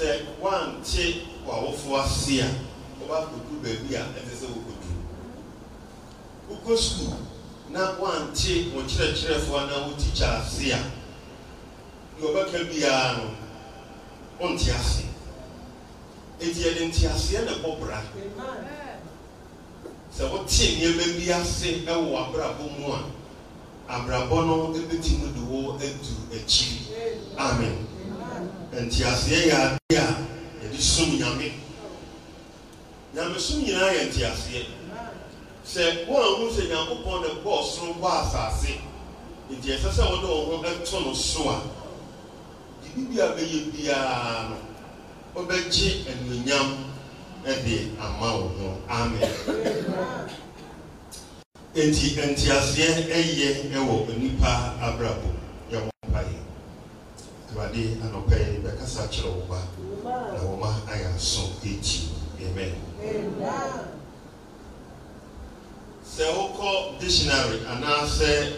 sɛ wante w'awofoɔ ase a wɔba kodu baabi a ɛsɛ sɛ wɔkodu wokɔ sukuu na wante wɔn kyerɛkyerɛfoɔ na wɔn tikya ase a deɛ ɔbɛka biara no wɔnte ase eti yɛde nte aseɛ na ɛbɔ bra sɛ wɔte nneɛma bi ase ɛwɔ abrabɔ mu a abrabɔ no ebɛtumi de wɔ adu akyiri amen nti aseɛ yɛ adeɛ a yɛde som nyame nyamesom nyinaa yɛ nti aseɛ sɛ wɔn a wɔn sɛ nyankopɔn na bɔ ɔsoro bɔ asase nti ɛsɛ sɛ wɔde wɔn ho to no so a biribi a bɛyɛ biara no wɔbɛgye anuonyam ɛde ama wɔn ho amen nti nti aseɛ ɛyɛ ɛwɔ nipa abrabɔ. awurade anɔpa yi bɛkasa kyerɛ wo ba na wo ayɛ aso akyi amen sɛ wokɔ dictionary anaasɛ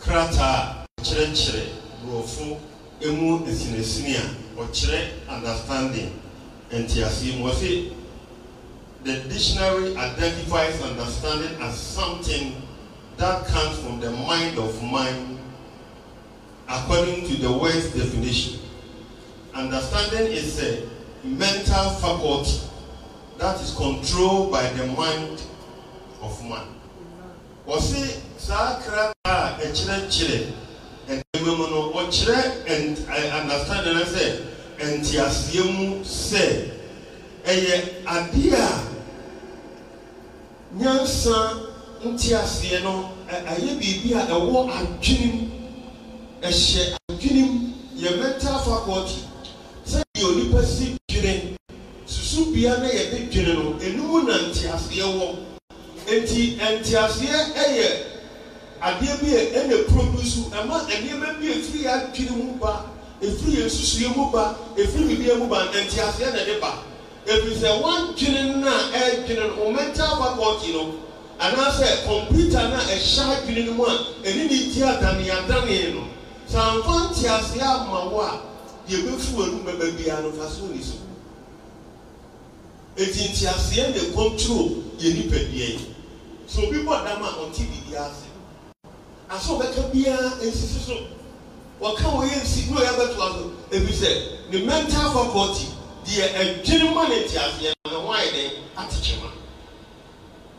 krataa kyerɛkyerɛ borɔfo emu esinesini a ɔkyerɛ understanding ntiaseɛ mu the dictionary identifies understanding as something that comes from the mind of mind according to the word's definition. Understanding is a mental faculty that is controlled by the mind of man. Wɔsi saa kra a ɛkyerɛkyerɛ ɛntɛmɛ mu no wɔkyerɛ ɛnt understanding na sɛ ɛntiaseɛ mu sɛ ɛyɛ adeɛ a nyansa ntiaseɛ no ɛyɛ biribi a ɛwɔ adwene mu ɛhyɛ adwenem yɛ mental faculty sɛdeɛ onipa si dwene susu bia na yɛde dwene no enum na nteaseɛ wɔ nti nteaseɛ ɛyɛ adeɛ bi a ɛna produce ɛma nneɛma bi efiri yɛ adwene mu ba efiri yɛ nsusuɛ mu ba efiri biribiɛ mu ba nteaseɛ na ɛde ba ebi wɔn dwene na ɛdwene no mental faculty no anaasɛ kɔmputa na ɛhyɛ adwene no mu a ɛne ne ti adaneadaneɛ no sɛ amfa nteaseɛ ama wo a deɛ bɛfu w'anum bɛba biara no fa so ni so eti nteaseɛ na control yɛ nipadua yi so obi bɔ dam a ɔnte biribi ase aso ɔbɛka biara nsisi so wɔka wɔyɛ nsi na ɔyɛ abɛtoa so ebi sɛ ne mental faculty deɛ ɛdwene ma ne nteaseɛ na wɔn ayɛ dɛ atekyɛ ma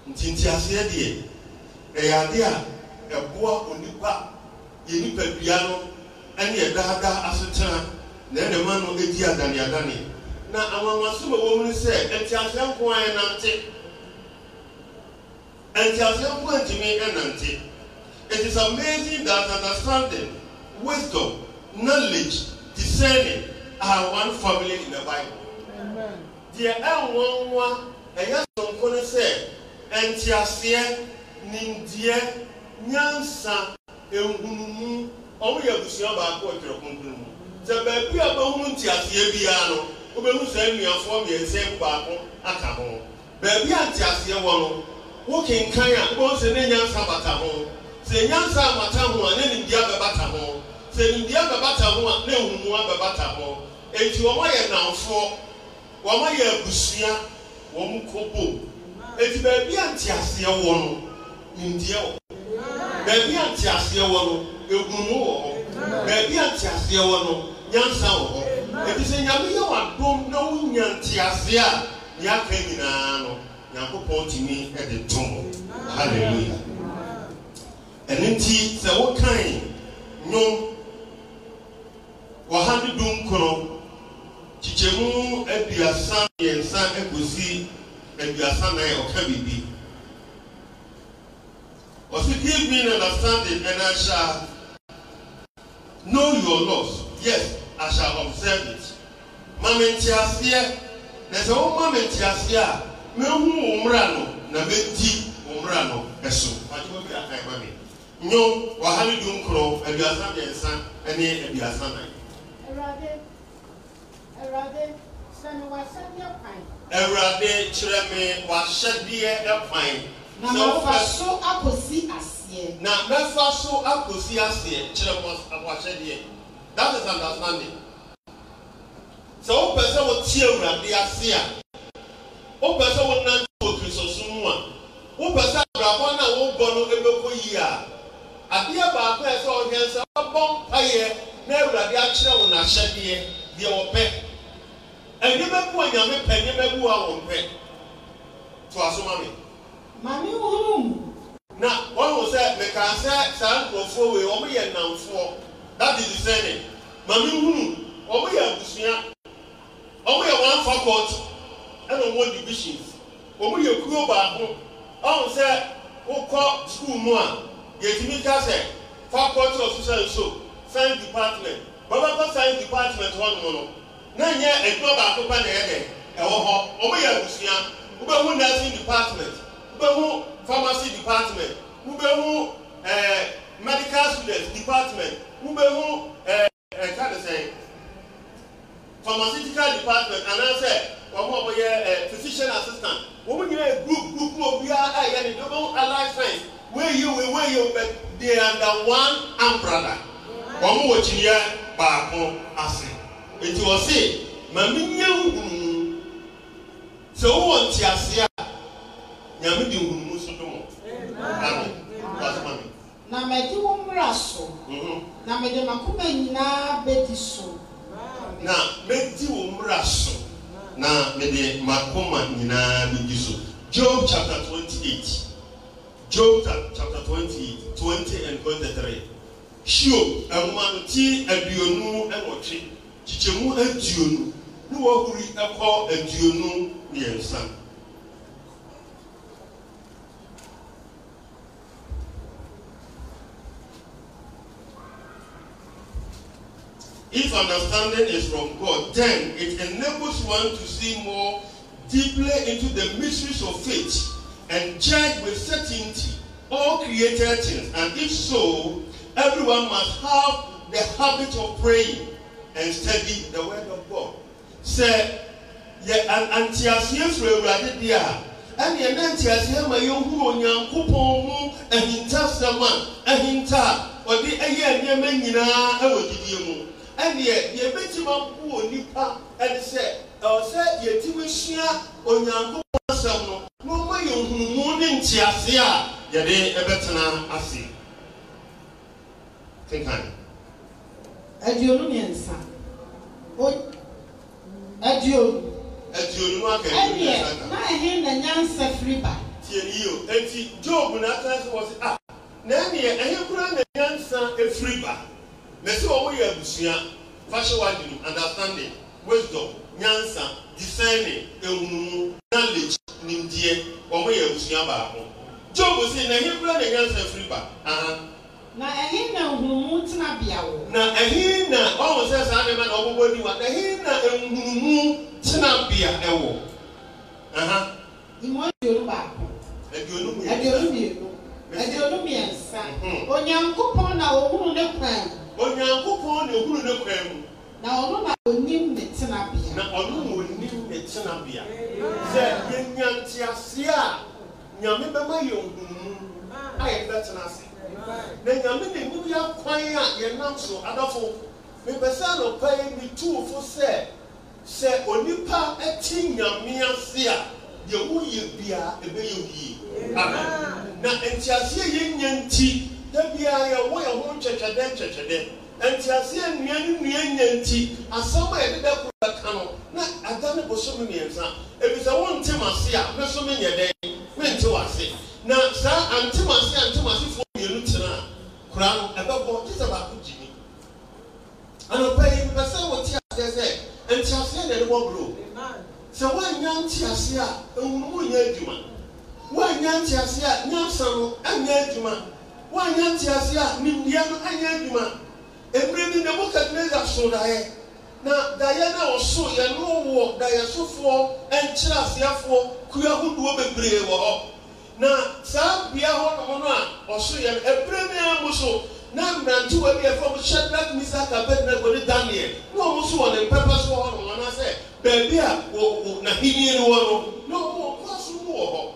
nti nteaseɛ deɛ ɛyɛ adeɛ a ɛboa onipa yɛ nipa dua no ɛne yɛ daadaa asetena na ɛna ɛma no edi adane adane na awanwaso ma wɔn mu sɛ ɛte ase nko a ɛnante ɛte ase nko a ntumi ɛnante it is amazing that understanding wisdom knowledge discerning are one family in the bible deɛ ɛnwanwa ɛyɛ sonko ne sɛ ɛnte aseɛ nimdeɛ nyansa. engwunmu onwe ya ya gbanwu ntị asị ebi ya anụ obenuso enu ya fụọ ya ese mkpa akụ aka hụ beebi a ntị asị wọnụ nwoke nka ya na-enye nsa bata hụ sɛ ndị amata ho a ne nimdeɛ abɛbata a baabi a te aseɛ wɔ no egunmu wɔ hɔ baabi a aseɛ wɔ no nyansa wɔ hɔ ebi sɛ nyame yɛ wa dom na wo nya te aseɛ a ne aka nyinaa no nyankopɔn tumi de to mo hallelujah ɛne nti sɛ wokan nwom wɔha ne dum kono kyikyɛmu aduasa mmiɛnsa akosi aduasa nan ɔka biribi Also, give me an understanding and I shall know your laws. Yes, I shall observe it. Mame nti aseɛ na sɛ wo mame nti aseɛ a mehu wo mmara no na mɛdi wo mmara no ɛso. Adwuma bi aka ɛma mi. Nyo wahane dum korɔ aduasa mmiɛnsa ne aduasa nan. Awurade, Awurade, sɛ ne wahyɛdeɛ kwan. Awurade kyerɛ me wahyɛdeɛ kwan na mafa so akɔsi aseɛ. na mɛfa so akɔsi aseɛ kyerɛ mo ahoahyɛdeɛ that is understanding sɛ wopɛ sɛ wotie awurade ase a wopɛ sɛ wonante wɔ kristosom mu a wopɛ sɛ abrabɔ no a wobɔ no bɛkɔ yie a adeɛ baako a ɛsɛ ɔhwɛ sɛ wabɔ mpaeɛ na awurade akyerɛ wo n'ahyɛdeɛ deɛ wɔpɛ ɛnyɛmɛ bu a nyame pɛ nyɛmɛ bu a wɔmpɛ to asoma me maame huru mu. na wọn wò sẹ mẹka sẹ saa nkurɔfoɔ wei wɔn yɛ nnamfoɔ that is the same maame huru wɔn yɛ abusua wɔn yɛ one faculty ɛna wɔn divisions wɔn yɛ kuro baako ɔn sɛ wokɔ sukuu mu a yɛtumi ka sɛ faculty of social so science department bɔbɔkɔ science department hɔ nom no na nyɛ adwuma baako pɛ na ɛyɛ dɛ ɛwɔ hɔ wɔn yɛ abusua wobɛhu nursing department wobɛhu pharmacy department wobɛhu ɛɛ eh, medical student department wobɛhu ɛɛ ɛka de sɛn pharmaceutical department anaasɛ wɔn a wɔyɛ ɛɛ physician assistant wɔn nyinaa yɛ group group wo biara a yɛ ne de wɔn allied science wɔyɛ wɔyɛ wɔyɛ wɔn they are under one umbrella wɔn wɔ kyiniya baako ase eti wɔsi maame nyɛ huhu sɛ wɔwɔ ntiaseɛ nyame de nhunumu so dom ame wasoma me na mɛde wo mmra so na mɛde makoma nyinaa bɛdi so na mɛdi wo mmra so na mɛde makoma nyinaa bɛdi so job chapter twenty eight job chapter twenty twenty and twenty three hio ɛnwoma ti aduonu ɛnwɔtwe kyikyɛmu aduonu ne wɔhuri ɛkɔ aduonu mmiɛnsa. If understanding is from God, then it enables one to see more deeply into the mysteries of faith and judge with certainty all created things. And if so, everyone must have the habit of praying and study the word of God. Say, yɛ antiaseɛ firi awurade a ɛne ɛna antiaseɛ ma yɛhuru onyankopɔn ho ahintasɛm a ahinta a ɔde ɛyɛ nneɛma nyinaa ɛwɔ didie mu ɛneɛ yɛbɛtumi abu wɔ nipa ɛne sɛ ɛwɔ sɛ yɛtumi sua onyankopɔn asɛm no na ɔma yɛ nhunumu ne ntease a yɛde ɛbɛtena ase kenkan aduonu mmiɛnsa aduonu aduonu no aka aduonu mmiɛnsa ka ɛneɛ na ɛhe na nyansa firi ba ni yio eti job na atena so wɔ se ah na ɛneɛ ɛhe kura na nyansa efiri na sɛ wɔn yɛ abusua fashion wadin understanding wisdom nyansa discerning ehunmu knowledge nimdeɛ wɔn yɛ abusua baako job si na ehin kura na nyansa firi ba aha. na ehin na ehunmu tena bea wɔ. na ehin na ɔmo sɛ saa nneɛma na ɔbɛbɔ niwa na ehin na ehunmu tena bea ɛwɔ aha. ìmọ̀ aduonu baako. aduonu mmienu. aduonu mmienu. aduonu mmiɛnsa. Mm-hmm. onyankopɔn na ohun ne kwan onyankopɔn ne ohunu ne kwan mu. na ɔno na onim ne tenabea. na ɔno na onim ne tenabea. sɛ yɛnya ntease a nyame bɛma yɛn nhumu a yɛbɛtena ase na nyame na emu ya kwan a yɛnam so adafo mipɛsɛ anɔpa yi mi tuu fo sɛ sɛ onipa ɛti nyame ase a deɛ woyɛ bia ebe yɛ na ntease yɛ nti dabi a yɛwɔ yɛn ho nkyɛkyɛdɛ nkyɛkyɛdɛ nti ase nnua ne nnua nya nti asɛm a yɛde bɛko bɛka no na ada ne bosom mmiɛnsa ebisa wɔnte m ase a me so menyɛ dɛn mente w ase na saa ante m ase ante m ase foɔ mmienu tena a kora no ɛbɛbɔ gye sɛ baako gyi ni anɔpa yi pɛ sɛ wɔte aseɛ sɛ nte aseɛ na ɛde wɔboro sɛ woanya nte aseɛ a ɛwunumu nyɛ adwuma woanya nte aseɛ a nyansa no ɛnyɛ adwuma woanya ntease a ne nnua no anyɛ adwuma ɛberɛ bi nebukadnezar so daeɛ na daeɛ no a ɔso yɛ no wɔ daeɛsofoɔ nkyerɛaseafoɔ kua hodoɔ bebree wɔ hɔ na saa bea hɔ nom no a ɔso yɛ no ɛberɛ no a mo so na mmerantewa bi ɛfam shadrach misak abednego ne daniel na wɔn so wɔ ne mpɛpɛ so wɔ hɔ nom anaasɛ baabi a wɔ n'ahenni no wɔ no na wɔn wɔ kɔ so mu wɔ hɔ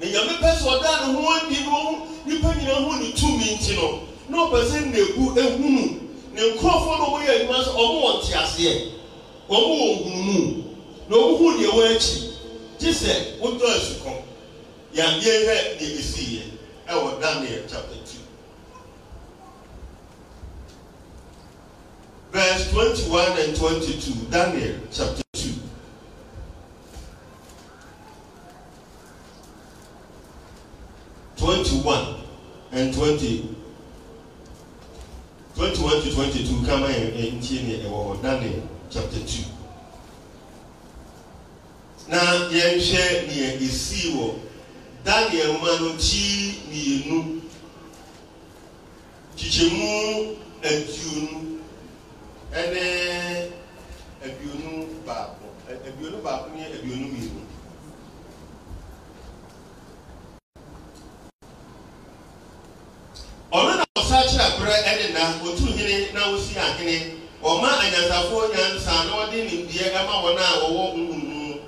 na nyame pɛ sɛ ɔda ne ho adi no nipa nyinaa hu ne tumi nti no na ɔpɛ sɛ nnagu ehunu ne nkurɔfoɔ na wɔyɛ adwuma sɛ wɔn wɔ nte aseɛ wɔn wɔ nhunumu na wɔn hu deɛ wɔn akyi gye sɛ wotɔ asukɔ yadeɛ hɛ deɛ esi yɛ ɛwɔ daniel chapter two verse twenty one and twenty two daniel chapter. 21 and 20 21 to 22 kama ntie ne ɛwɔ hɔ daniel chapter 2 na yɛnhwɛ nea ɛsii wɔ daniel ma no kyi mmienu kyikyɛmu aduonu ɛne aduonu baako aduonu baako ne aduonu mmienu nokorɛ ɛdeda otu hene na ahene wɔma anyansafoɔ nyansa na wɔde nimdeɛ ama wɔn a wɔwɔ nwum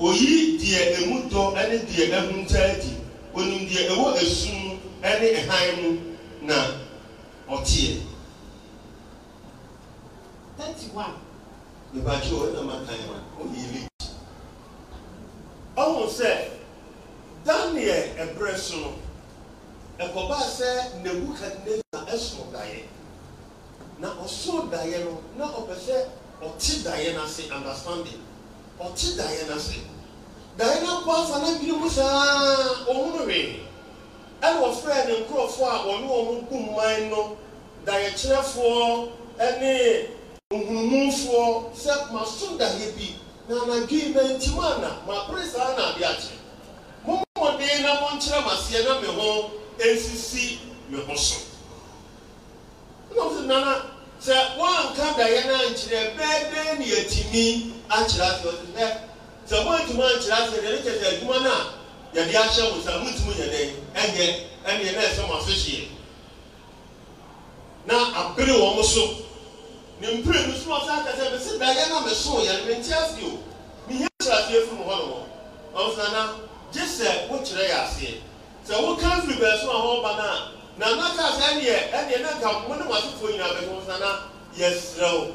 oyi die emu dɔ ne deɛ ɛho ntaa di onim deɛ ɛwɔ esum ne ɛhan mu na ɔteɛ. thirty one. ìbàjẹ́ o ẹ̀na máa ọ̀hún sẹ́ nkɔba sɛ nebukadnezar ɛsoro daeɛ na ɔsoro daeɛ no na ɔpɛ sɛ ɔte daeɛ n'ase understanding ɔte daeɛ n'ase daeɛ n'akɔ afa n'adwiri mu saa ɔmo no wee ɛna ɔfrɛ ne nkorɔfoɔ a ɔne wɔn gu mman no daeɛkyerɛfoɔ ɛne ohunumufoɔ sɛ ma so daeɛ bi na anadwi mɛntim ana ma pere saa na adeɛ akyerɛ mo mmɔden na mo ma seɛ na me ho. esisi ne ho so ɛna wɔn nana sɛ wɔnka daeɛ no ankyerɛ bɛɛ dɛn ne atumi akyerɛ afei ɔdi dɛ sɛ wɔntumi ankyerɛ afei deɛ ne kyerɛ sɛ adwuma no a yɛde ahyɛ wɔn sɛ mutumi yɛ dɛ ɛnyɛ ɛnyɛ na ɛsɛ wɔn afɛhyɛ na abere wɔn so ne mpire no so wɔsɛ akasɛ mɛ sɛ daeɛ no a mɛ so yɛ mɛ nti ase o ne yɛ akyerɛ afei efiri mu hɔ nom ɔmo nana gye sɛ wɔkyerɛ yɛ aseɛ sɛ wo country bɛɛ so a wɔba no a na naka sɛ ɛneɛ ɛneɛ na nka mo ne mo asefoɔ nyinaa bɛtɔ ho sana yɛsrɛ wo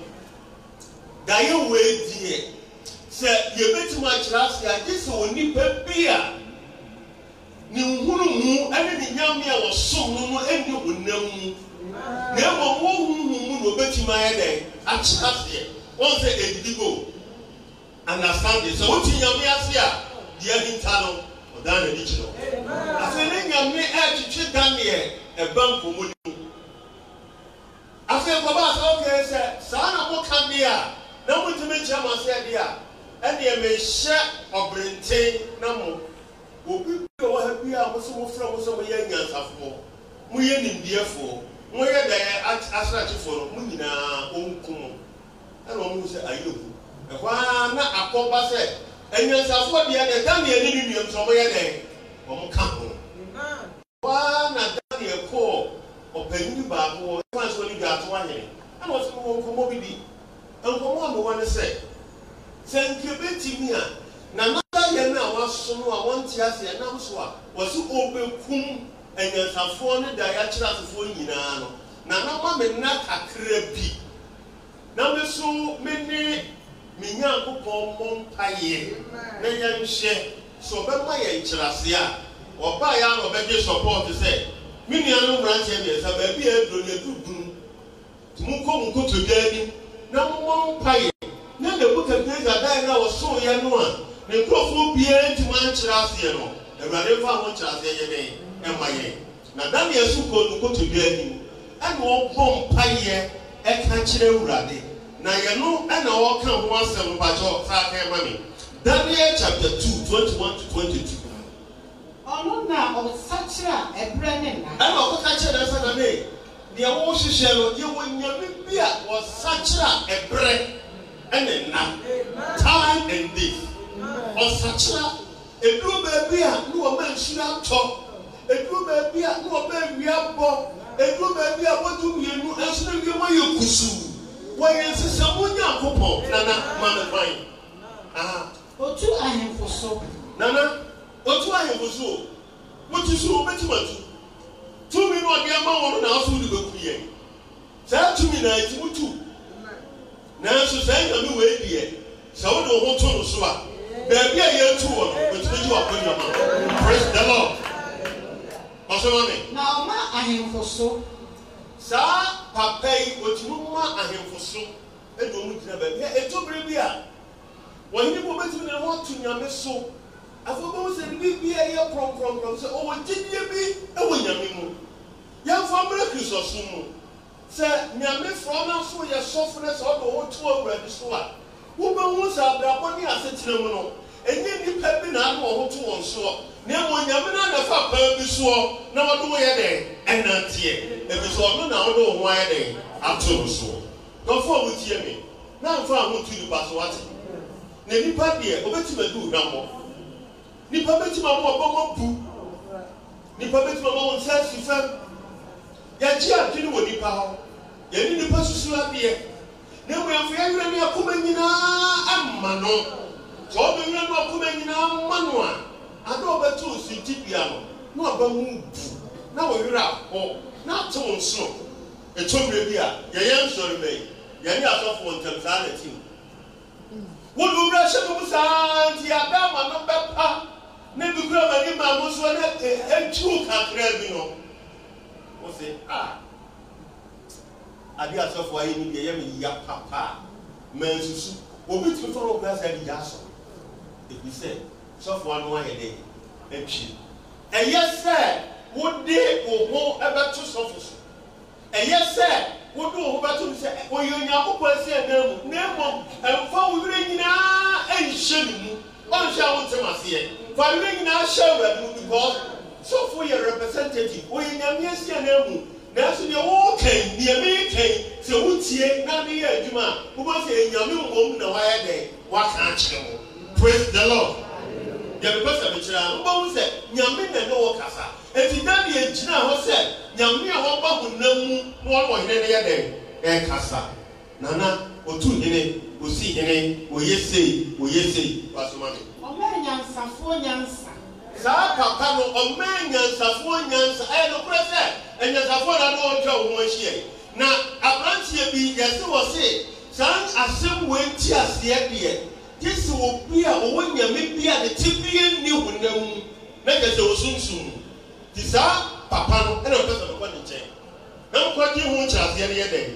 da yɛ wei deɛ sɛ yɛbɛtumi akyerɛ ase a gye sɛ wɔ nnipa bi ne nhunu mu ne ne nyame a wɔsom no no ne wo nam mu na mmom wɔhuhu mu na wɔbɛtumi ayɛ dɛn akyerɛ aseɛ wɔn sɛ ɛdidi go understanding sɛ wotu nyame ase a deɛ ni nta no ɔdan n'ani kyerɛ afei ne nyame ɛretwitwe daniel ɛba e nkɔmɔ ne mu afei nkɔmɔ asɛ ɔkɛ sɛ saa na mo ka bi e a na mo ntumi e kyerɛ mo asɛ bi a ɛdeɛ mehyɛ ɔbɛnten na mo obi bi a wɔ ha bi a mo sɛ mo fura mo sɛ mo yɛ nyansafoɔ mo yɛ nimdeɛfoɔ mo yɛ dɛ asrakyefoɔ no mo nyinaa ɔnkum ɛna wɔn mu sɛ ayi ewu ɛhɔ ara na akɔba sɛ. anyansafoɔ deɛ deɛ daniel ne ne nuam sɛ ɔmo yɛ dɛ ɔmo ka ho waa na daniel kɔɔ ɔpanyin baako wɔ ɛfan so ne dwato ahene ɛna ɔsɛ wɔn nkɔmɔ bi di nkɔmɔ a mowɔ ne sɛ sɛ nkebe ti mi a na nata yɛn a waso no a wɔnte ase ɛnam so a wɔsi ɔbɛkum anyansafoɔ ne da akyerɛ asofoɔ nyinaa no na nama mi nna kakra bi na mi so mi ne. menyankopɔn mmɔ mpaeɛ na yɛnhyɛ sɛ ɔbɛma yɛ nkyerɛase a ɔbaeɛ a na ɔbɛgye support sɛ me nuanom mmeranteɛ deɛ sɛ baabi a aduro ne dudunu nti monkɔ mo nkotodwa anim na mommɔ mpaeɛ na nebukadnezar dan no a wɔsooyɛ no a ne nkurɔfoɔ biara ntumi ankyerɛ aseɛ no awurade mfa ho nkyerɛaseɛ yɛ dɛn ɛma yɛn na daniel so kɔ no nkotodwa anim ɛna ɔbɔ mpaeɛ ɛka kyerɛ awurade na yɛno na wɔka ho asɛm mpakyɛ saa ka ɛma me daniel chapter two twenty one to twenty two. ɔno na ɔsa a ɛbrɛ ne nna. ɛna ɔkɔka kyerɛ ne nsa na ne deɛ wɔhyehyɛ no yɛwɔ nyame bi a wɔsa kyerɛ ɛbrɛ ɛne nna time and day ɔsa a eduro baabi a ne wɔn nhyira tɔ eduro baabi a ne wɔn awia bɔ eduro baabi a wɔtu mmienu nso ne wiem ayɛ kusuu wɔyɛ nhyehyɛmu nyankopɔn nana ma no kwan otu ahemfo so nana otu ahemfo so o wotu so o bɛtuma tu tumi na ɔde ama wɔn na aso de bɛku yɛ saa tumi na eti mutu nanso saa nyame wɔ ediɛ sɛ wɔde wɔn to no so a beebi a yɛn tu wɔ no wotu bɛtu akɔnyama praise the lord ɔsɛ wɔn mi. na ɔma ahemfo so saa papa yi otumi ma ahemfo so ɛna wɔn gyina baabi ɛto bere bi a wɔn ne bɔ bɛtumi na wɔn to nyame so afɔbawo sɛ ne biribi a ɛyɛ prɔmprɔmprɔm sɛ ɔwɔ gyidie bi ɛwɔ nyame mu yɛnfa mmerɛ kristu so mu sɛ nyame frɔ na so yɛ sɔfo na sɛ ɔdɔ wɔn to awurade so a wobɛhu sɛ abrabɔ ne asetena mu no ɛnyɛ nipa bi na ano wɔn to wɔn soɔ na ɛwɔ nyame na anafa nneɛma bi soɔ na wɔde wo yɛ dɛ ɛna teɛ ebi so ɔno na wɔde wo ho ayɛ dɛ ato wo soɔ dɔfo a wotie mi na nfa a wotu nipa so wate na nipa deɛ obetuma di wuna mɔ nipa betuma mɔ ɔbɛmɔ bu nipa betuma mɔ wɔn nsa si fam yɛgye adwene wɔ nipa hɔ yɛne nipa susu adeɛ na mmɛnfo yɛwerɛ ne akoma nyinaa ama no sɛ ɔbɛwerɛ ne akoma nyinaa ma no a ade ɔbɛto osi tibia no na aba mu bu na wɔwerɛ akɔ na atew nsono ɛtɔmmerɛ bi a yɛyɛ nsɔre bɛyi yɛne asɔfoɔ ntam saa na tim wode wowura hyɛ no mu saa nti yɛada ma no bɛpa ne dukura ma ne maa mo nso ne ɛtwiw kakra bi no wo se a ade asɔfoɔ ayɛ ne deɛ yɛ me ya papa ma nsusu obi tumi fɔlɔ kura saa de gya asɔ ebi sɛ sɔfoɔ no ayɛ dɛ ɛtwi ɛyɛ sɛ wode wo ho bɛto sɔfo so ɛyɛ sɛ wode wo ho bɛto no sɛ ɔyɛ onyankopɔn asi ɛdan mu na mmom ɛmfa wo werɛ nyinaa ɛnhyɛ no mu ɔnhyɛ a wontem aseɛ fa werɛ nyinaa hyɛ awurade mu because sɔfo yɛ representative ɔyɛ nyame asi ɛdan mu nanso deɛ wɔɔkɛn deɛ meekɛn sɛ wotie na ne yɛ adwuma a wobɛsɛ ɛnyame mmom na wayɛ dɛn waka akyerɛ wo praise the lord deɛ mepɛ sɛ mekyerɛ a wobɛhu sɛ nyame na ne wɔ kasa enti daniel gyina hɔ sɛ nyame a wɔba honam mu na wɔne ɔhene no yɛ dɛn ɛkasa nana otu hene osi hene oye sei oye sei wasoma mi. ɔmɛ nyansafoɔ nyansa. saa kaka no ɔmɛ nyansafoɔ nyansa ɛyɛ nokorɛ sɛ nyansafoɔ na ne ɔtwa wɔn ahyia na aberanteɛ bi yɛsi wɔ se saa asɛm wɔ eti aseɛ deɛ gye sɛ obi a ɔwɔ nyame bi a ne ti bie ne honam na kyerɛ sɛ ɔsunsun ti saa papa no ɛna ɔpɛ sɛ ɔkɔ ne nkyɛn na nkɔ gye ho nkyerɛaseɛ no yɛ dɛ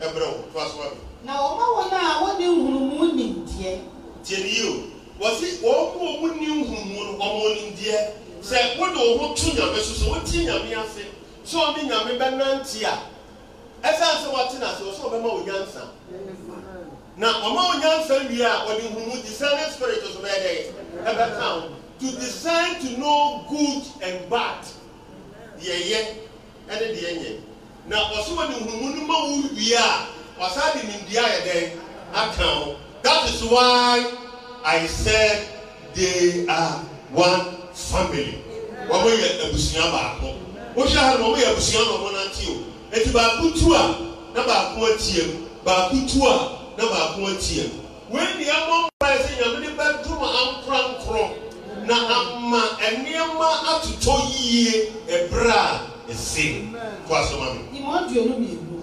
ɛbrɛ to aso ɔdo. na ɔma wɔn a wɔde nhunumu nimdeɛ. tie ne yie o wɔsi wɔn mu a wɔn ni nhunumu no wɔn nimdeɛ sɛ wɔde wɔn ho to nyame so so wɔn ti nyame ase so wɔn de nyame bɛ nante a ɛsan so wɔte na so wɔsɔ ɔbɛma wɔn nyansa na ọma onyansa wie a ọde nhumu discerning spirit nso bɛyɛ dɛ ɛbɛka ho to discern to know good and bad deɛ yɛ ɛne deɛ nyɛ na ɔso wɔde nhumu no ma wo wie a ɔsa de nimdeɛ ayɛ dɛ aka ho that is why i said they are one family wɔn yɛ abusua baako wohwɛ ha na wɔn yɛ abusua na wɔn nante o eti baako tu a na baako atie mu baako tu a na baako akyia wei nneɛma mmaa sɛ nyame de ankorankorɔ na ama nneɛma atotɔ yie ɛberɛ a ɛse kɔ asoma me nyima aduonu mmienu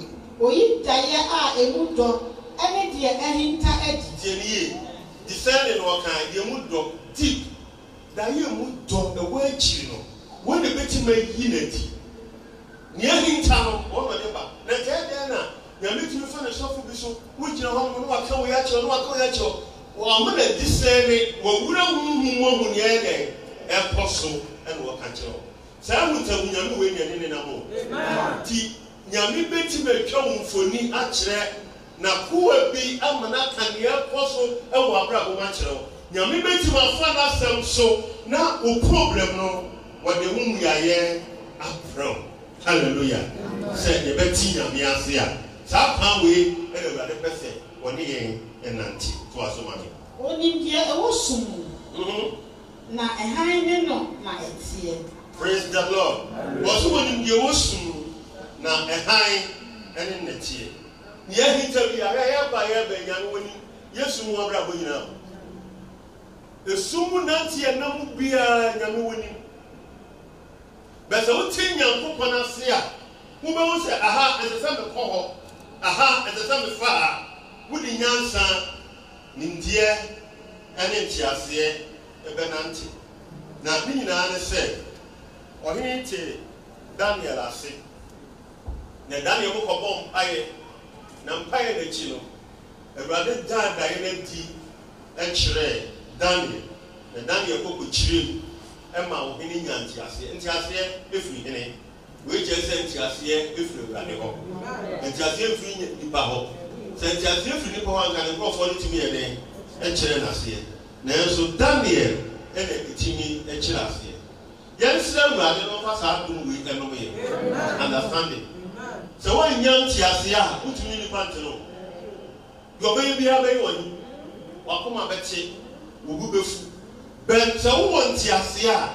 oyi daeɛ a emu dɔ ɛne deɛ ɛhinta adi deɛ ne yie disɛne na ɔka deɛ mu dɔ deep daeɛ mu dɔ ɛwɔ akyiri no wɔn na bɛtumi ayi n'adi nea ɛhinta no wɔn ba na kyɛn deɛ na nyame tumi fa ne sɔfo bi so wogyina hɔ no na waka wo yɛ akyerɛ na waka wo yɛ akyerɛ wɔama na di sɛ ne wɔwura huhum ahu ne ɛyɛ dɛn ɛkɔ so ɛna wɔka kyerɛ wo saa wutawu nyame wei nyane ne nam o nti nyame bɛtumi atwa wo mfoni akyerɛ na kowa bi ama na kanea kɔ so ɛwɔ abrabɔ mu akyerɛ wo nyame bɛtumi afa n'asɛm so na o problem no wɔde ho mmuayɛ aprɛ wo hallelujah sɛ yɛbɛti nyame ase a saa kwan wei ɛna awurade pɛ sɛ wɔne yɛn ɛnante to aso ma mi. onimdeɛ ɛwɔ sum mhm. na ɛhan ne no na ɛteɛ. praise the lord wɔso wɔ nimdeɛ ɛwɔ sum na ɛhan ɛne na ɛteɛ nea ɛhinta bi a yɛyɛ ba yɛ bɛ nyame wɔ ya yesu mu abira bɔ nyinaa esum nanteɛ nam biara nyame wɔ nim bɛsɛ wote nyankopɔn ase a wobɛwo sɛ aha ɛsɛ sɛ mekɔ hɔ aha ɛsɛ sɛ mefa a wode nyansa nimdeɛ ne nteaseɛ ɛbɛnante na ne nyinaa ne sɛ ɔhene te daniel ase na daniel mokɔbɔ mpaeɛ na mpaeɛ n'akyi no awurade daa daeɛ no adi kyerɛɛ daniel na daniel kɔkɔkyire mu ma ɔhene nya nteaseɛ nteaseɛ ɛfiri hene wei kyerɛ sɛ ntiaseɛ efiri awurade hɔ ntiaseɛ efiri nipa hɔ sɛ ntiaseɛ efiri nipa hɔ anka ne nkorɔfoɔ no tumi yɛ dɛn ɛkyerɛ n'aseɛ nanso daniel ɛna etimi ɛkyerɛ aseɛ yɛn srɛ awurade no fa saa dum wei ɛnom yɛ understanding sɛ wɔnyɛ ntiaseɛ a wotumi nipa nti no yɔbɛyɛ biara bɛyɛ wɔn wakoma bɛte wogu bɛfu bɛn sɛ wowɔ ntiaseɛ a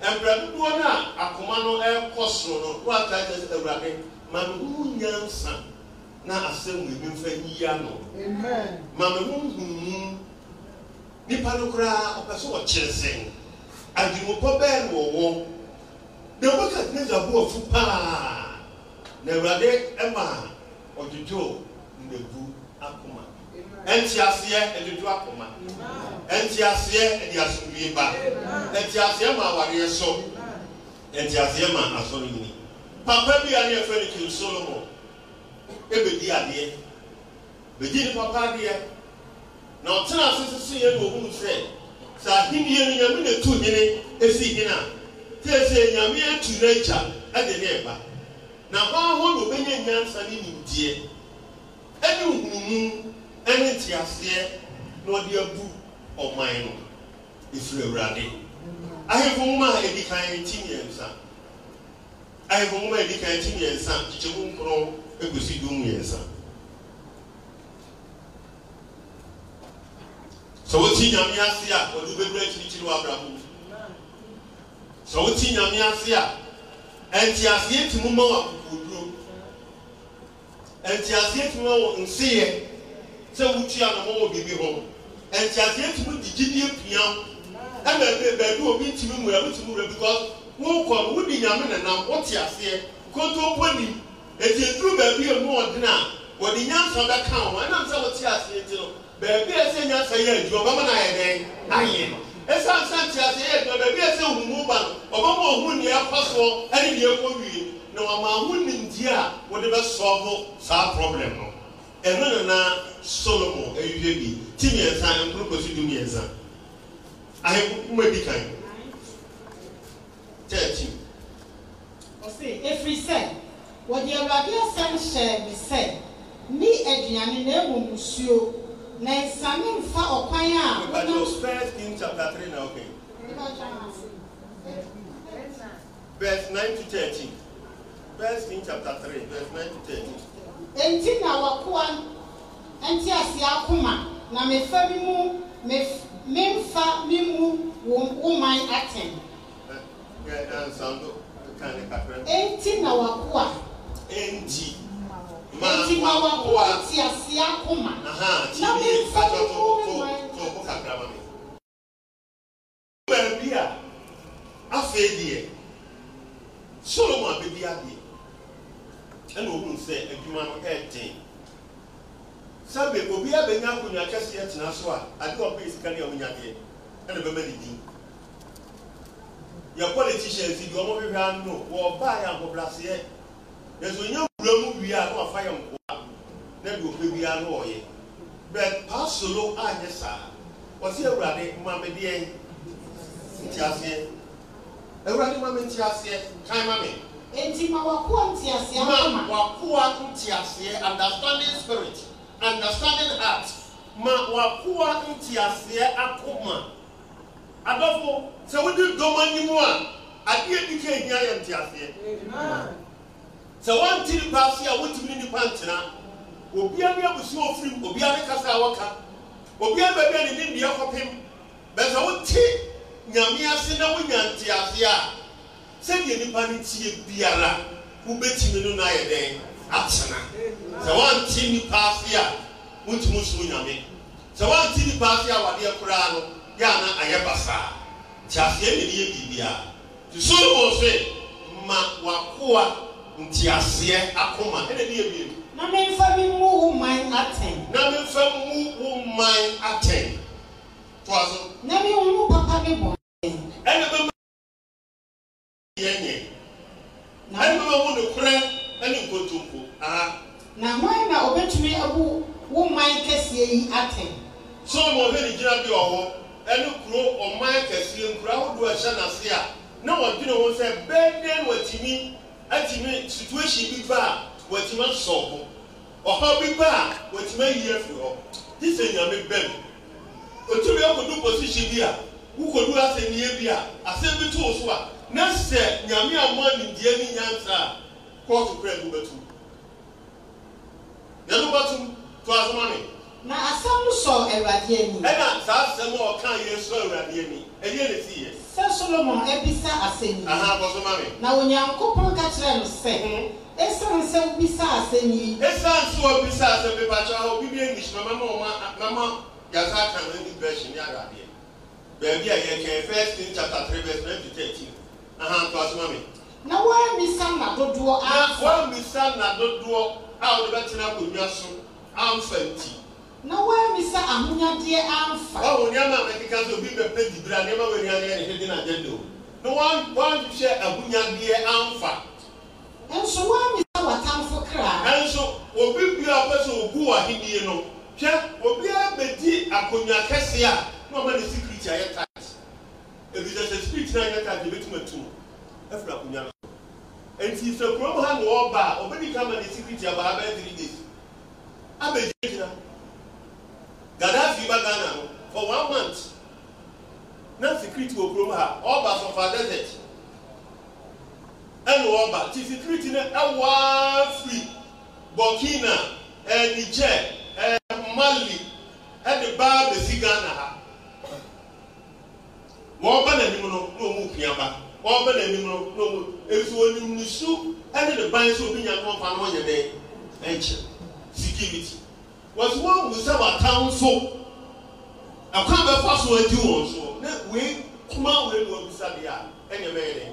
mbrɛ dodoɔ no a akoma no ɛrekɔ soro no wɔatae kyerɛ sɛ awurade ma me ho nyansa na asɛm wɔ ebi mfa yia no ma me ho humu nipa no koraa ɔpɛ sɛ ɔkyerɛ sɛn adwumopɔ bɛɛ no wɔwɔ na wɔkatena zaboɔfo paa na awurade ma ɔdwodwo nnabu akoma ɛnte aseɛ ɛdwodwo akoma ɛnti aseɛ ɛde asomdue ba ɛnti aseɛ ma awareɛ so ɛnti aseɛ ma asɔre ni papa bi a ne yɛfɛ no king solomon ɛbɛdi adeɛ bɛdi ne papa adeɛ na ɔtena ase soso yɛ na ohun sɛ sɛ ahenie no nyame na etu hene esi hene a nyame etu n'agya ɛde ne ɛba na hɔn ahɔ na obɛnya nyansa ne nimdeɛ ɛne nhunumu ɛne nteaseɛ na ɔde abu ɔman no ɛfiri awurade ahemfo nwoma a ɛdi kan ti mmiɛnsa ahemfo nwoma a ɛdi kan ti mmiɛnsa kyekyɛmu nkron ɛkɔsi du mmiɛnsa sɛ woti nyame ase a wɔde wobɛduru akyirikyiri wɔ abrabɔ mu sɛ woti nyame ase a ɛnti aseɛ ti mu ma wɔ akokoduro ɛnti aseɛ ti mu ma wɔ nseɛ sɛ wotua no ma wɔ biribi ho nti ase etumi di gyidie pia ɛna ebe beebi obi ntumi nwura ntumi nwura because wokɔ no wodi nyame nenam wote aseɛ koto bɔni eti eduru beebi emu ɔdina wɔde nyansa bɛka wɔn ɛnam sɛ wote aseɛ ti no beebi ɛsɛ nyansa yɛ edu ɔbɛma na ayɛ dɛn ayɛ ɛsan san te aseɛ yɛ edu beebi ɛsɛ ohun ba no ɔbɛma ohun nea ɛkɔ soɔ ɛne nea ɛkɔ wie na wɔma ahun ne ndi a wɔde bɛ sɔɔbo saa problem no ɛno nana solomon ɛhwehwɛ bi ti mmiɛnsa nkorokɔsi du mmiɛnsa ahemma di kan tɛɛti. ɔsè efiri sɛ wɔde awurade asɛm hyɛ mi sɛ ní aduane na emu musuo na nsane nfa ɔkwan a. ìbàdí first king chapter three na okay. verse nine to thirteen first king chapter three verse nine to thirteen. enti na wakuwa, enti ase akoma na mefa mi mu memfa mi mu wo man atɛn enti na wakoa enti enti ma wakoa ti ase akoma na memfa mi mu wo man baabi a afei deɛ solomon abɛbi adeɛ ɛna ohun sɛ adwuma no ɛɛden sɛbe obi abɛnya akonnwa kɛseɛ tena so a ade ɔpɛ sika ne a ɔnya deɛ ɛna bɛma ne din yɛ politicians deɛ ɔmo hwehwɛ ano wɔɔbaa yɛ ahobraseɛ nanso nya wura mu wie a na wafa yɛ nkoa na deɛ ɔpɛ biara na ɔyɛ bɛt paasolo anyɛ saa ɔsi awurade mamedeɛ nti aseɛ awurade mame nti aseɛ kan mame nti ma wakoa nti aseɛ ama ma wakoa nti aseɛ understanding spirit understanding heart ma wakoa ntiaseɛ akoma adɔfo sɛ wode dɔm anim a adeɛ di ka ahia yɛ nteaseɛ sɛ woantiri paa se a wotumi ne nnipa ntena obiara abusua ofirim obiara kasa a wɔka obiara baabi a ne ne nnua kɔpem bɛsɛ wote nyame ase na wonya nteaseɛ a sɛdeɛ nnipa no tie biara wobɛtumi no no ayɛ dɛn atena sɛ wɔnte nipa afe a wontumi nsom nyame sɛ wɔnte nipa afe a wadeɛ koraa no yɛ ana ayɛ basaa nti afeɛ na ɛyɛ biribiara nti solomon se ma wakoa ntiaseɛ akoma ɛna ɛyɛ biribi na memfa mi mu wo man atɛn na memfa mu wo man atɛn toa so na mi wo mu papa mi bɔ ɛna bɛ mu ɛna bɛ mu ne korɛ ɛne nkontompo na hwan na obetumi abu wo man kɛseɛ yi atɛn sọọmọ ọhẹ ni gyina bi ọwọ ɛne kuro ɔman kɛseɛ ahodoɔ ɛhyɛ n'ase a na wɔdwene ho sɛ bɛɛdɛn wɔtumi atumi situation bi ba a ɔhaw bi ba a ayi hɔ sɛ nyame bɛn otumi position bi a asɛnniɛ bi so a na nyame ne nyansa a. kóòtù kúrẹ́ ẹ̀dùn bẹ́tù ẹ̀dùn bẹ́tù tó asọ́mọ́ ni. na asam sọ ẹwurade ẹni. ẹna saa asẹm a ọka yẹ sọ ẹwurade ẹni ẹni ẹni ti yẹ. sẹ solomon ẹbisa asẹni. ahan bọsọmọ mi. na onyankopɔn ka kyerɛ no sɛ. esan sɛ obisa asɛm yi. esan sɛ obisa asɛm bi bàtɛ hɔ obi bi english mama mama mama yasa aka na ni bɛsi ni aradeɛ baabi a yɛ kɛ first in chapter three verse twenty thirteen Aha, to asọmọ mi na wɔamisa n'adodoɔ afa. na wɔamisa n'adodoɔ a wɔde bɛtena akonnwa so amfa nti. na wɔamisa ahonyadeɛ amfa. wɔn nneɛma a mɛkeka sɛ obi bɛpɛ dibiri a nneɛma wɔn nneɛma yɛ dede na agye do na wɔn wɔahwehwɛ ahonyadeɛ amfa. nso wɔamisa w'atamfo kra. nso obi bia ɔpɛ sɛ ogu w'ahenie no hwɛ obiara bɛdi akonnwa kɛseɛ a na ɔma ne security ayɛ tight ebi sɛ sɛ security na ayɛ tight ebi tum atum ɛfiri akonnwa no nti sɛ kurom ha na ɔba a ɔbɛdi kama ne security abaa bɛyɛ three days abɛgyinagyina gaddafi ba ghana no for one month na security wɔ kurom ha ɔba sɔfa desert ɛna ɔba ti security no ɛwɔ afiri burkina ɛɛ niger ɛɛ mali ɛde baa bɛsi ghana ha wɔn ba n'anim no na wɔn mu pia ba ɔbɛ n'anim no na ɔmo efi onim ne su ɛne ne ban so obi nya kɔn fa no ɔnyɛ dɛ ɛnkyɛ security wɔsi wɔn wusa w'atan so ɛkwan bɛfa so edi wɔn so na wei kuma wei na wɔbisa deɛ a ɛnyɛ bɛyɛ dɛ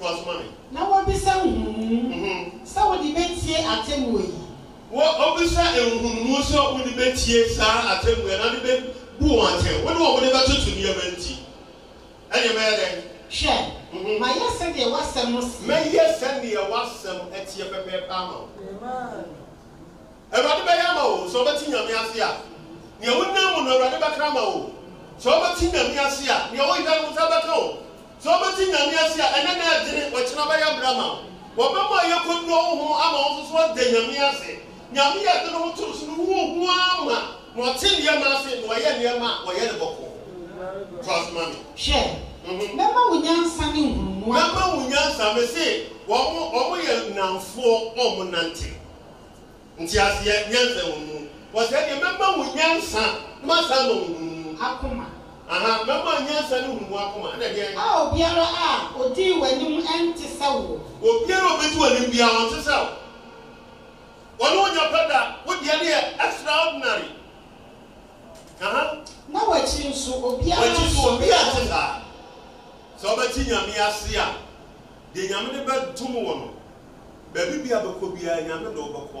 tɔsumani. na wɔbisa nhunumu sɛ wɔde bɛtie atɛmuo yi. wɔ ɔbisa nhunumu sɛ wɔde bɛtie saa atɛmuo yi na de bɛ bu wɔn atɛ wɔde wɔn de bɛtutu nneɛma nti ɛnyɛ bɛyɛ dɛ hwɛ ma yɛ sɛdeɛ wasɛm no si. mɛ yɛ sɛdeɛ wasɛm ɛtiɛ pɛpɛɛpɛ ama o. awurade bɛyɛ ama o sɛ ɔbɛti nyame ase a nea wonam mu no awurade bɛka ama o sɛ ɔbɛti nyame ase a nea wɔyita no nsa bɛka o sɛ ɔbɛti nyame ase a ɛnɛ na adwene ɔkyena bɛyɛ brɛ ma wɔbɛma a yɛkɔduro wo ho ama wo nso so nyame ase nyame yɛ de ho toro so no wo ho ama na ɔte nneɛma ase na ɔyɛ nneɛma ɔyɛ ne bɔkɔɔ. hwɛ bɛma mhm. wo nyansa ne nhurumoa bɛma wo nyansa me se wɔn wɔn yɛ nnamfoɔ a nante nti aseɛ nyansa wɔn mu wɔsɛ deɛ bɛma ma sa aha ne akoma ɛna deɛ a obiara a odi ɛnte sɛ wo obiara a biara ɔnte sɛ wo wɔn nyɛ wo deɛ yɛ extraordinary aha na nso obiara nso obiara nso sɛ wobɛti nyame ase a deɛ nyame de bɛtom wɔ no baabi bia bɛkɔ biara nyame de wobɛkɔ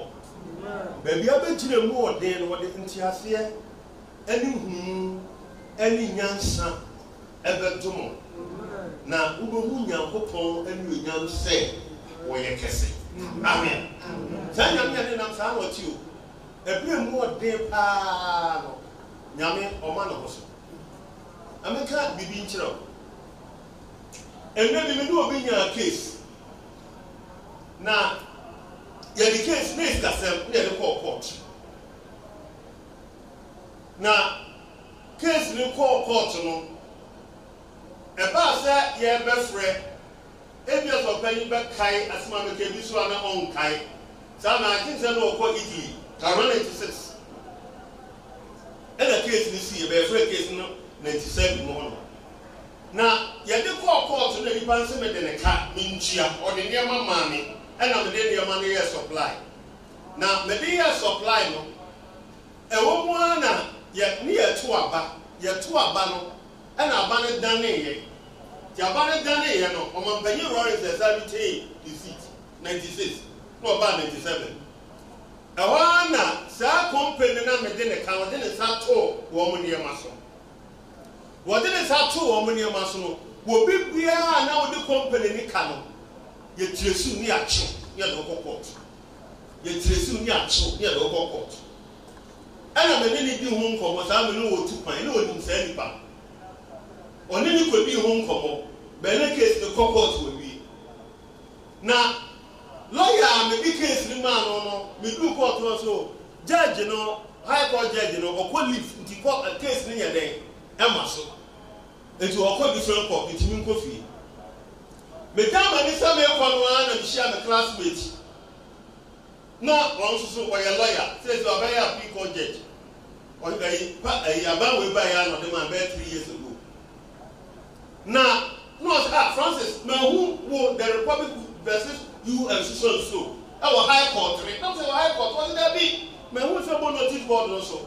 baabi a bɛgyina mu ɔden no wɔde nteaseɛ hunu nyansa ɛbɛtom na wobɛhu nyankopɔn ne sɛ wɔyɛ kɛse amen saa nyame yɛde nam saa na ɔte o ɛberɛ mu ɔden paa no nyame ɔma ne ho so biribi nkyerɛ ɛnna bi mi ne obi case na yɛde case ne sikasɛm ne yɛde kɔɔ court na case ne kɔɔ court no ɛbaa sɛ yɛbɛfrɛ ebi ɛsɛ ɔpanyin bɛkae asɛm amaka bi so a na ɔnkae saa na agye nsɛm na ɔkɔ italy karo ninety six ɛna case ne si yɛbɛyɛfrɛ case no ninety seven mu hɔ no na yɛde kɔɔ kɔɔto na nipa nso mede ne ka mentua ɔde nneɛma maa me ɛna mede nneɛma no yɛ supply na mede yɛ supply no ɛwɔ mu ara na yɛ ne yɛto aba yɛto aba no ɛna aba no daneeɛ nti aba no daneeɛ no ɔmampanyin rɔre sɛ sa bi ninety six na ɔbaa ninety seven ɛhɔ ara na saa company na mede ne ka ɔde ne nsa too wɔn nneɛma so. wɔde ne nsa ato wɔn nneɛma so no wɔbi biara na wɔde kɔmpani ne ka no yɛtire su ne akyew ne yɛde yɛtire su ne di ho nkɔmɔ saa wɔ tu kwan ne nipa ɔne ne ho nkɔmɔ na lɔya a mɛdi case ne maa no no mɛdu court no so judge no high court no ɔkɔ nti case ne yɛ ɛma so nti wɔkɔ different pop ntumi nkɔ fie metaa ma ne sɛ meekɔ no ara na mehyia me classmate na wɔn nso so wɔyɛ lawyer sɛ sɛ ɔbɛyɛ appeal judge ɔyɛ pa ɛyɛ abaawa ba yɛ anɔde ma bɛyɛ three years ago na na ɔsɛ ah francis na ɔho wo the republic versus un so so ɛwɔ high court re na sɛ wɔ high court wɔn dɛ bi ma ɛho sɛ bɔ notice board no so.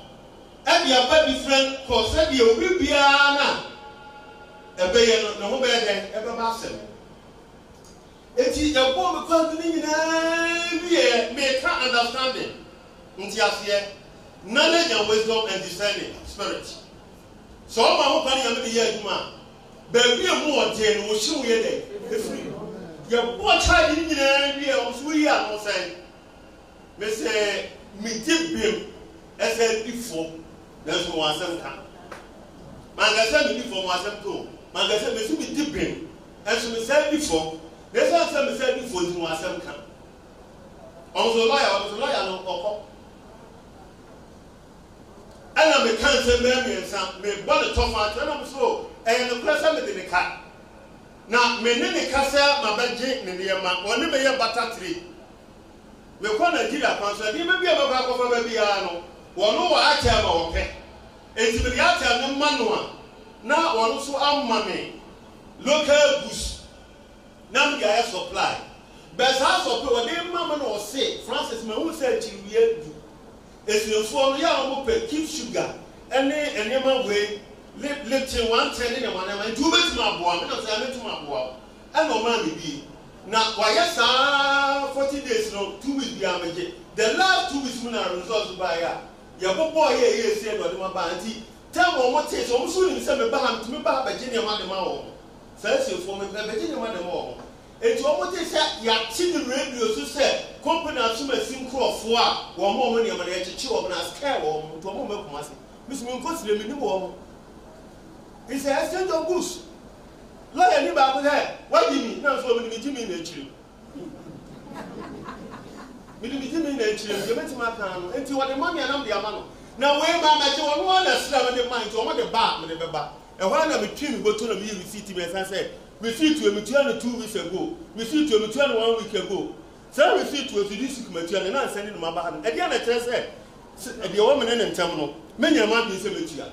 ɛde aba different course ɛde obi biara na ɛbɛyɛ no ne ho bɛyɛ dɛ ɛbɛba asɛm eti ɛbɔ mi kwan bi ne nyinaa bi yɛ meka understanding nti aseɛ knowledge and wisdom and discerning spirit sɛ ɔma ho kwan yɛn mi de yɛ adwuma beebi a mu wɔ den no wosi wo yɛ dɛ efiri yɛbɔ kwan bi ne nyinaa bi yɛ ɔmo so yi ano sɛn mɛ sɛ mi di bim ɛsɛ di fɔm nanso wɔn asɛm ka mankasa mi di fam wɔn asɛm to mankasa mi nso mi di bɛn ɛso mi sɛ di fam nanso asɛm mi sɛ di fam nti wɔn asɛm ka wɔn nso lɔya wɔn nso lɔya no ɔkɔ ɛna mi ka nsɛm bɛyɛ mmiɛnsa mi bɔ ne tɔfa ato ɛna mi so ɛyɛ ne kura sɛ mi de ne ka na mi ne ne kasa ma bɛ gye ne nneɛma wɔn ne mi yɛ bata tiri mi kɔ nigeria kwan so ɛdi mi bi a bɛ kɔ akɔfɔ bɛ bi ya no wɔn wɔ atɛm a wɔpɛ eti mede atɛm no ma no a na wɔn nso ama me local goods na mede ayɛ supply bɛsaa supply wɔde ma me na ɔse francis ma ehun sɛ akyiriwie du esuafoɔ no yɛ a wɔn pɛ keep sugar ɛne nneɛma wei lip lipton one ten ne nneɛma nneɛma nti wobɛtumi aboa me na sɛ ɛbɛtumi aboa ɛna ɔmaa me bie na wayɛ saa forty days no two weeks bi a megye the last two weeks mu na results baa yɛ a yɛbobɔ yɛ ɛyɛ efie na ma ba nti tɛm wɔn mo tee so wɔn nso nim sɛ meba ha ntumi ba abɛgye nneɛma de ma wɔn saa esiefoɔ mi abɛgye nneɛma de ma wɔn eti wɔn tee sɛ yɛakye ne radio so sɛ kɔmpani asoma si nkurɔfoɔ a wɔn mo wɔn nneɛma na yɛkyekye wɔn na sikɛɛ wɔn nti wɔn mo bɛ kuma se bisimi nkosire mi nim wɔn it's a exchange of goods lɔya ni baako sɛ wɔyi mi na nso wɔn mi ni mi gyi mi na akyiri mede e me gyimi na akyire deɛ mɛtumi aka no nti wɔde ma nneanam de ama no na wei ma mɛgye wɔn wɔn na sra mɛde ma nti wɔn de ba mɛde bɛba ɛhɔ na metwi mi bɔtɔ na meyi receipt mi ɛsan sɛ receipt wɔ mi tua no two weeks ago receipt wɔ mi tua no one week ago saa receipt wɔ fidi sik ma tua no na nsɛn de ma ba ha no ɛdeɛ na kyerɛ sɛ ɛdeɛ wɔn mene ne ntɛm no mɛnyɛ ma bi nsɛm atua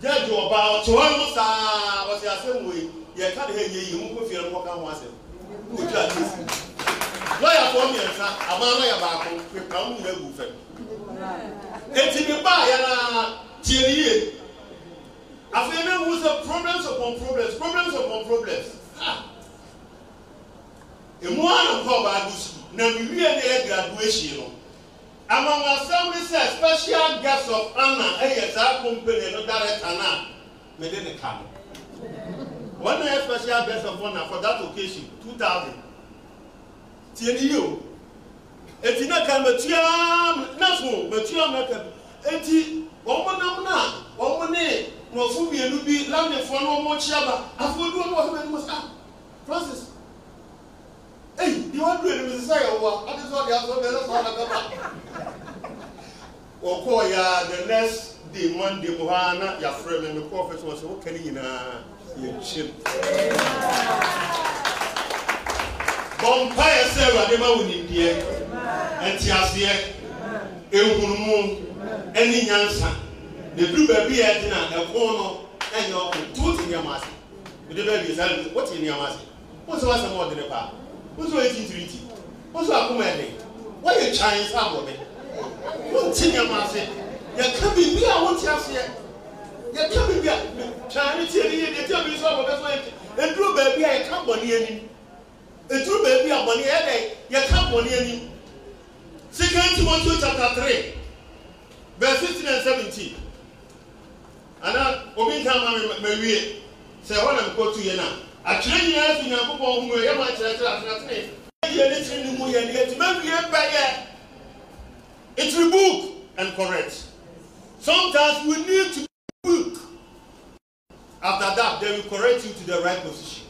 gyaagye ɔbaa ɔte hɔ no saa ɔte asɛm wɔ yi yɛka de ha yie yie mu kɔ fie no kɔka ho asɛm ɔtua kesi lọ́yàfoɔ mmiɛnsa amaa lɔya baako pepa wɔn nyinaa gu fam eti mi baa yɛ naa tie ni yie afei ne wu sɛ problems upon problems problems upon problems ha emu anu kɔ ɔbaa gu sukuu na wiwie ne graduation no ama wɔn asɛm ne special guest of honour ɛyɛ saa company no director naa mɛ de ne ka special guest of honour for that occasion two thousand tie ni yio eti na ka matua na so matua na ka eti wɔn nam na wɔn ne nkurɔfo mmienu bi lamdefoɔ na wɔn akyi aba afɔdu wɔn wɔ hɔ bɛnum sɛ ah francis eyi deɛ wɔn duro anim sisan yɛ wɔ adi sɛ ɔde asɔ bɛrɛ sɔ ɔna bɛba wɔkɔɔ ya the next day monday mu ha na yafrɛ mi mi kɔɔ fɛ so wɔn sɛ wɔkɛ ne nyinaa yɛ nkyɛn bɔ mpa yɛ sɛ awurade ma wɔ nimdeɛ ɛte aseɛ ehunumu ɛne nyansa na duru baabi yɛ gyina ɛkɔn no ɛnyɛ ɔkò tó ti nneɛma ase ɛdi bɛɛ bi sáré wò ti nneɛma ase wò sɛ wasɛm ɔdi ne paa wò sɛ ɔyɛ titiri ti wò sɛ akoma ɛdi wɔyɛ kyan sɛ abɔbɛ wò ti nneɛma ase yɛka bi bi a wò ti aseɛ yɛka bi bi a kyan ne tie ne yie deɛ tie bi sɛ ɔbɔbɛ so yɛ ti eduro baabi a yɛka bɔ ne anim ɛduru baabi a bɔne ɛdɛ yɛka bɔne anim second timothy chapter three verse sixteen and seventeen ana obi nka ma ma wie sɛ hɔ na nkɔ tu yɛ na atwerɛ nyinaa fi nyankopɔn ho mu yɛ ma kyerɛkyerɛ atenatene yɛ ne tiri ne mu yɛ ne yɛtuma wie bɛyɛ it rebuke and correct sometimes we need to rebuke after that they will correct you to the right position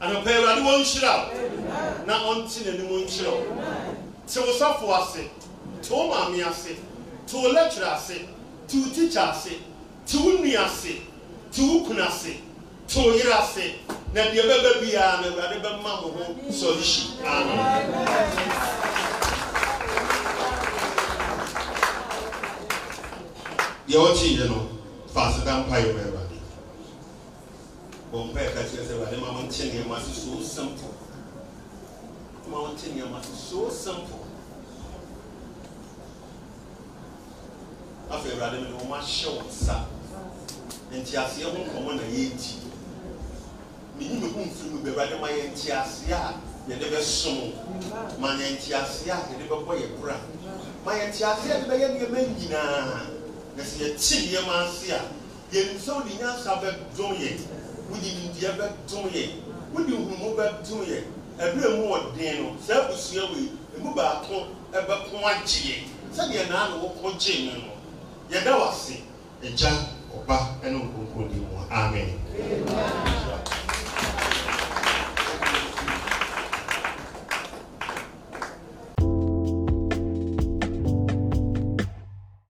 anɔpa awurade wɔ nhyira wo na ɔnte n'anim nkyerɛ wo te wo sɔfo ase te wo maame ase te wo lɛkyerɛ ase te wo tikya ase te wo nua ase te wo kuna ase te wo yere ase na deɛ bɛba biara na awurade bɛma mo ho solution amen deɛ ɔkyeeɛ no fa aseda mpa yɛ bɛba bɔnpa yɛ ka kyerɛ sɛ wade ma wɔnte nneɛma so so simple ma wɔnte nneɛma so so simple afei awurade mi na wɔn ahyɛ wɔn nsa nti aseɛ ho nkɔmɔ na yɛredi meyi me ho mfiri mu bɛwurade ma yɛ nti aseɛ a yɛde bɛ som ma yɛ nti aseɛ a yɛde bɛbɔ yɛ bra ma yɛ nti a yɛde bɛyɛ nneɛma nyinaa na sɛ yɛkyi nneɛma ase a yɛn nsa de nyansa bɛdɔn yɛ wode nimdeɛ bɛto yɛ wode nhunumu bɛto yɛ ɛberɛ mu ɔden no saa abusua wei ɛmu baako ɛbɛko agyeɛ sɛdeɛ naa na wokɔ gyee me no yɛda wase agya ɔba ɛne nkonkonde mu amen